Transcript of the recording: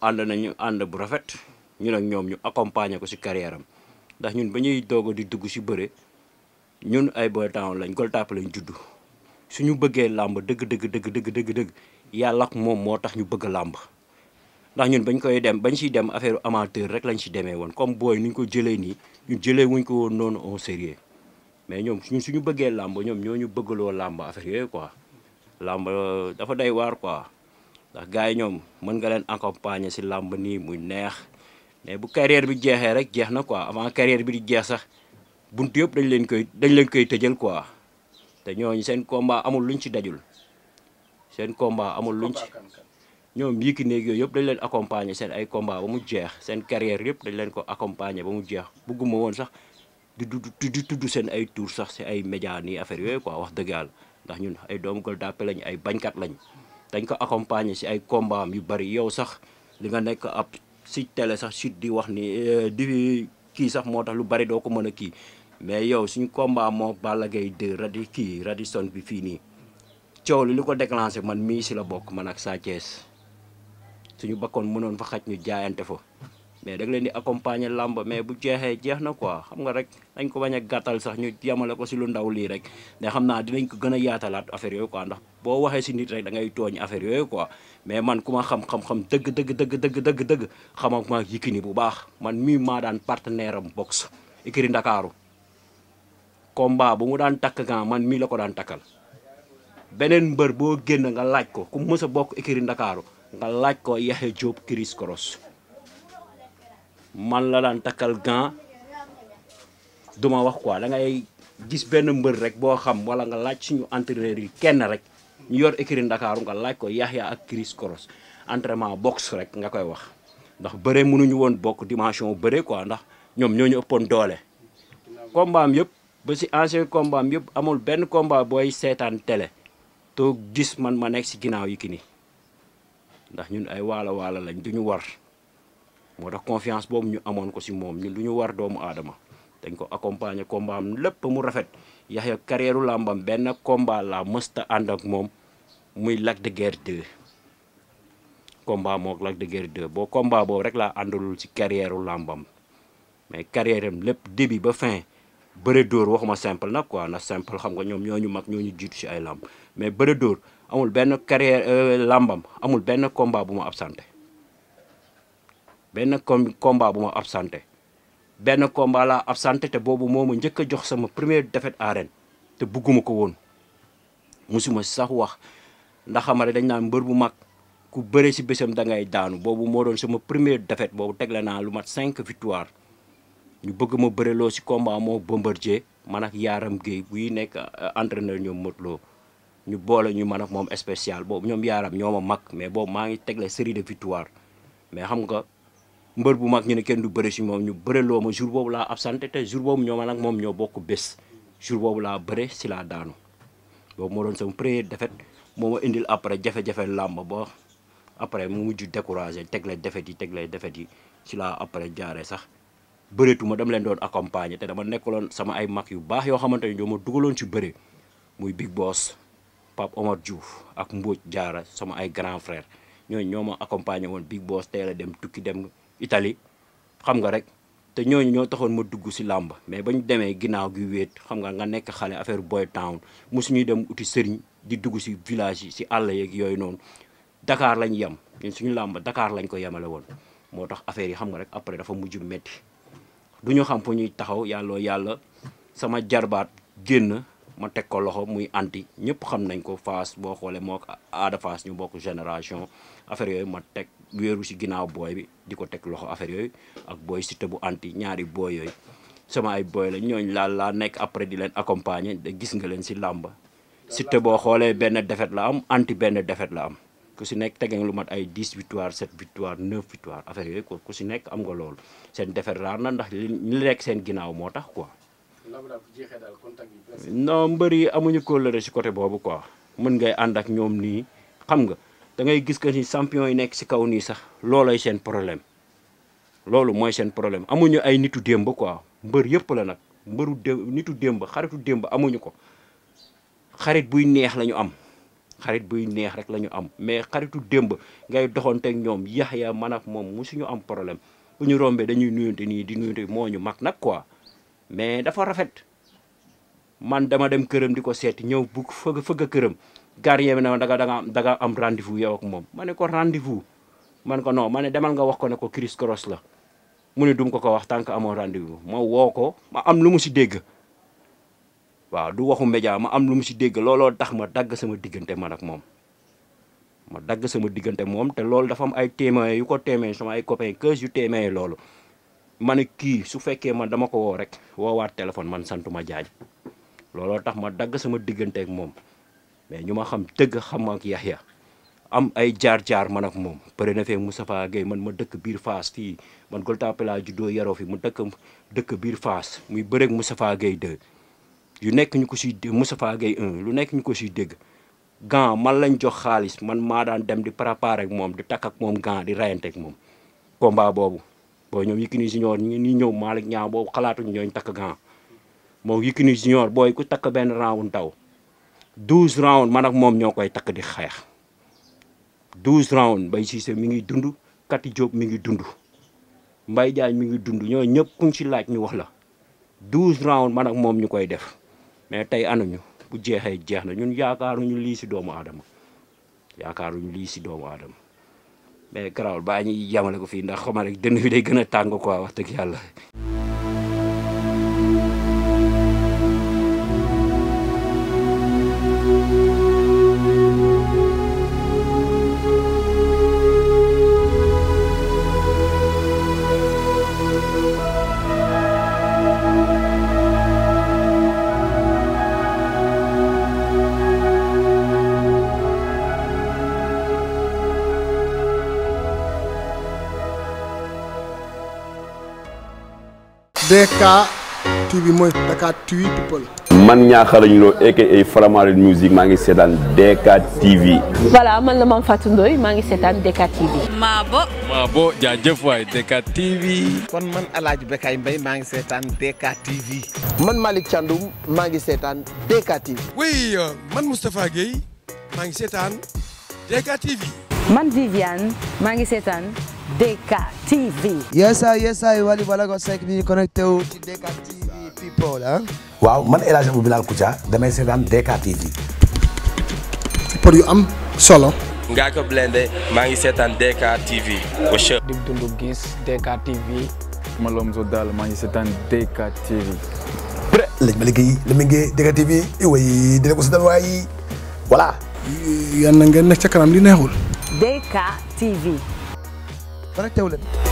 ànd nañu ànd bu rafet ñu ak ñoom ñu accompagner ko si carrière ndax ñun ba ñuy doog di dugg si bëre ñun ay boy town lañ Gueule Tapée lañ judd suñu bëggee làmb dëgg dëgg dëgg dëgg yàlla moom moo tax ñu bëgg làmb ndax ñun bañ koy dem bañ siy dem affaire amateur rek lañ si demee woon comme booy ñu ko jëlee nii ñu jëlee wuñ ko woon noonu au sérieux mais ñoom ñun suñu bëggee làmb ñoom ñoo ñu bëggaloo làmb affaire yooyu quoi làmb dafa day waar quoi ndax gars yi ñoom mën nga leen accompagner si làmb nii muy neex mais bu carrière bi jeexee rek jeex na quoi avant carrière bi di jeex sax bunt yëpp dañ leen koy dañ leen koy tëjal quoi te ñooñu seen combat amul luñ ci dajul seen combat amul luñ ci ñoom yiki néeg yooyu yëpp dañ leen accompagner seen ay combat ba mu jeex seen carrière yëpp dañ leen ko accompagner ba mu jeex bëgguma woon sax di du di tudd seen ay tour sax si ay média nii affaire yooyu quoi wax dëgg yàlla ndax ñun ay doomu Gueule Tapée lañ ay bañkat lañ dañ ko accompagner si ay combat yu bëri yow sax li nga nekk ab si télé sax sut di wax ni euh, di kii sax moo tax lu bari doo ko mën a kii mais yow suñu combat moo Balla Gaye 2 radi kii Radisson bi fii nii coow li lu ko déclenché man mii si la bokk man ak Sa Thiès suñu bakkoon mënoon fa xaj ñu jaayante fa mais da leen di accompagner làmb mais bu jeexee jeex na quoi xam nga rek dañ ko bañ a gàttal sax ñu yemale ko si lu ndaw lii rek mais xam naa dinañ ko gën a yaatalaat affaire yooyu quoi ndax boo waxee si nit rek da ngay tooñ affaire yooyu quoi mais man ku ma xam-xam-xam dëgg dëgg dëgg dëgg dëgg dëgg xama ma Yékini bu baax man mii maa daan partenaire am box ikiri ndakaaru combat bu mu daan takk gan man mii la ko daan takkal beneen mbër boo génn nga laaj ko ku mës bokk ikiri ndakaaru nga laaj ko Yaxya Jóob Chris Cross man la daan takkal gant duma wax quoi da ngay gis benn mbër rek boo xam wala nga laaj suñu entraîneur yi kenn rek ñu yor écurie Ndakaaru nga laaj ko Yaxya ak Chris Cross entrement boxe rek nga koy wax ndax bëre mënuñu woon bokk dimension bëre quoi ndax ñoom ñoo ñu ëppoon doole. kombaam yëpp ba si ancien combat yëpp amul benn combat booy seetaan tele toog gis man ma nekk si ginnaaw yi ki ni ndax ñun ay waala waala lañ ñu war. moo tax confiance boobu ñu amoon ko si moom ñu lu ñu war doomu aadama dañ ko accompagner combat am lépp mu rafet Yaxya carrière u làmbam benn combat la mësta ànd ak moom muy Lac de Guiers 2 combat mook Lac de Guiers 2 boo combat boobu rek laa àndalul si carrière làmbam mais carrière lépp début ba fin bëre dóor waxuma simple nag quoi na simple xam nga ñoom ñoo ñu mag ñooñu jiitu si ay làmb mais bëre amul benn carrière euh, làmbam amul benn combat bu ma absenté benn com combat bu ma absenté benn combat laa absenté te boobu moo ma njëkk a jox sama première défaite arène te bugguma ko woon musuma sax wax ndax xamare dañ naan mbër bu mag ku bëre si bésam da ngay daanu boobu moo doon sama première défaite boobu tegle naa lu mat cinq victoire ñu bëgg ma bëre loo si combat moo Bombardier man ak Yaaram Guèye buy nekk euh, entreneur ñoom Modou Lo ñu boole ñu man ak moom spécial boobu ñoom Yaaram ñoo ma mag mais boobu maa ngi tegle série de mbër bu mag ñu ne kenn du bëre si moom ñu bëre loo ma jour boobu laa absenté te jour boobu ñoo ma nag moom ñoo bokk bés jour boobu laa bëre si laa daanu boobu moo doon sama première défaite moo ma indil après jafe-jafe làmb après mu mujj découragé teg la défaite yi teg la défaite yi si laa après sax bëreetuma dama leen doon accompagner te dama nekkuloon sama ay mag yu baax yoo xamante ne ñoo ma dugaloon si bëre muy Big Boss Pape Omar Diouf ak Mbodj Diarra sama ay grand frère ñooñu ñoo ma accompagner woon Big Boss teel dem tukki dem Italie xam nga rek te ñooñu ñoo taxoon ma dugg si làmb mais ba ñu demee ginnaaw gi wéet xam nga nga nekk xale affaire boy town mosu ñuy dem uti sëriñ di dugg si village yi si àll yeeg yooyu noonu Dakar lañ yem ñun suñu làmb Dakar lañ ko yemale woon moo tax affaire yi xam nga rek après dafa mujj metti du ñu xam fu ñuy taxaw yàlla yàlla sama jarbaat génn ma teg ko loxo muy anti ñëpp xam nañ ko Fass boo xoolee moo aada Fass ñu bokk génération affaire yooyu ma teg wéeru si ginnaaw booy bi di ko teg loxo affaire yooyu ak booy Siteu bu anti ñaari booy yooyu sama ay booy la ñooñ laa laa nekk après di leen accompagner de gis nga leen si làmba Siteu boo xoolee benn défaite la am anti benn défaite la am ku si nekk tege nga lu mat ay 10 victoire 7 victoire 9 victoire affaire yooyu ko ku si nekk am nga loolu seen defer raar na ndax li nekk seen ginnaaw moo tax quoi non mbër yi amuñu kóllëre si côté boobu quoi mën ngay ànd ak ñoom nii xam nga da ngay gis que ni champion yi nekk si kaw nii sax loolay seen problème loolu mooy seen problème amuñu ay nitu démb quoi mbër yëpp la nag mbëru démb nitu démb xaritu démb amuñu ko xarit buy neex lañu am xarit buy neex rek la ñu am mais xaritu démb ngay doxanteeg ñoom yax ya man ak moom suñu am problème bu ñu rombee dañuy nuyante nii di nuyante moo ñu mag nag quoi mais dafa rafet man dama dem këram di ko seeti ñëw bu fëgg fëgg këram gardien bi na da nga da nga am rendez-vous moom ma ne ko rendez-vous man ko non ma ne demal nga wax ko ne ko Chris Cross la mu ne dum ko ko wax tant que amoo rendez-vous ma woo ko ma am lu mu si dégg waaw du waxu média ma am lu mu si dégg looloo tax ma dagg sama diggante man ak moom ma dagg sama diggante moom te loolu dafa am ay témoins yu ko témoin sama ay copains keuse yu témoin loolu ma ne kii su fekkee man dama ko woo rek woowaat téléphone man santu ma jaañ looloo tax ma dagg sama digganteek moom mais ñu ma xam dëgg xam ak Yaxya am ay jaar-jaar man ak moom pare na fee Moustapha Gueye man ma dëkk biir Fass fii man Gueule Tapée laa juddoo yaroo mu dëkk dëkk biir Fass muy bëreeg Moustapha Gueye 2 yu nekk ñu ko si Moustapha Gueye lu nekk ñu ko siy dégg gan man lañ jox xaalis man maa daan dem di préparer ak moom di takk ak moom gan di rayante moom combat boobu booy ñoom Yékini junior ñu ni ngi nii ñëw Malick Niang boobu xalaatuñu ñooñu takk gant moom Yékini junior booy ku takk benn round taw douze round man ak moom ñoo koy takk di xeex douze round Mbaye Cissé mi ngi dund Kati Diop mi ngi dund Mbaye Diagne mi ngi dund ñoo ñëpp kuñ ci laaj ñu wax la douze round man ak moom ñu koy def mais tey ñu bu jeexee jeex na ñun yaakaaruñu lii si doomu aadama yaakaaruñu lii si doomu aadama mais garaawul baa ñuy yamale ko fii ndax xama rek dënn fi day gën a tàng ko wax dëgg yàlla DK TV mooy Dakar TV people. man Niakhar Agnew aka Faramaren music maa ngi seetaan DK TV. voilà man la Mame Fatou Ndoye maa ngi seetaan DK TV. Maabo. Maabo jaajëf waay DK TV. kon man El Hadj Bekay Mbaye maa ngi seetaan DK TV. man Malick Thiandoum maa ngi seetaan DK TV. oui euh, man Moustapha Guèye maa ngi seetaan DK TV. man Viviane maa ngi seetaan. DKTV. yes sir yes sir Wally Ballago Seck mi connecté wu ci DKTV people ah. waaw man El Hadj Bilal Koutia damay seetaan DKTV. pour yu am solo. ngaa blende maa ngi seetaan DKTV. di dundu gis DKTV. Malomzo Dal maa ngi seetaan DKTV. pré lañ ma liggéey la ma liggéey DKTV way dina ko seetaan waay voilà. yàlla na ngeen nekk ca connecté wu leen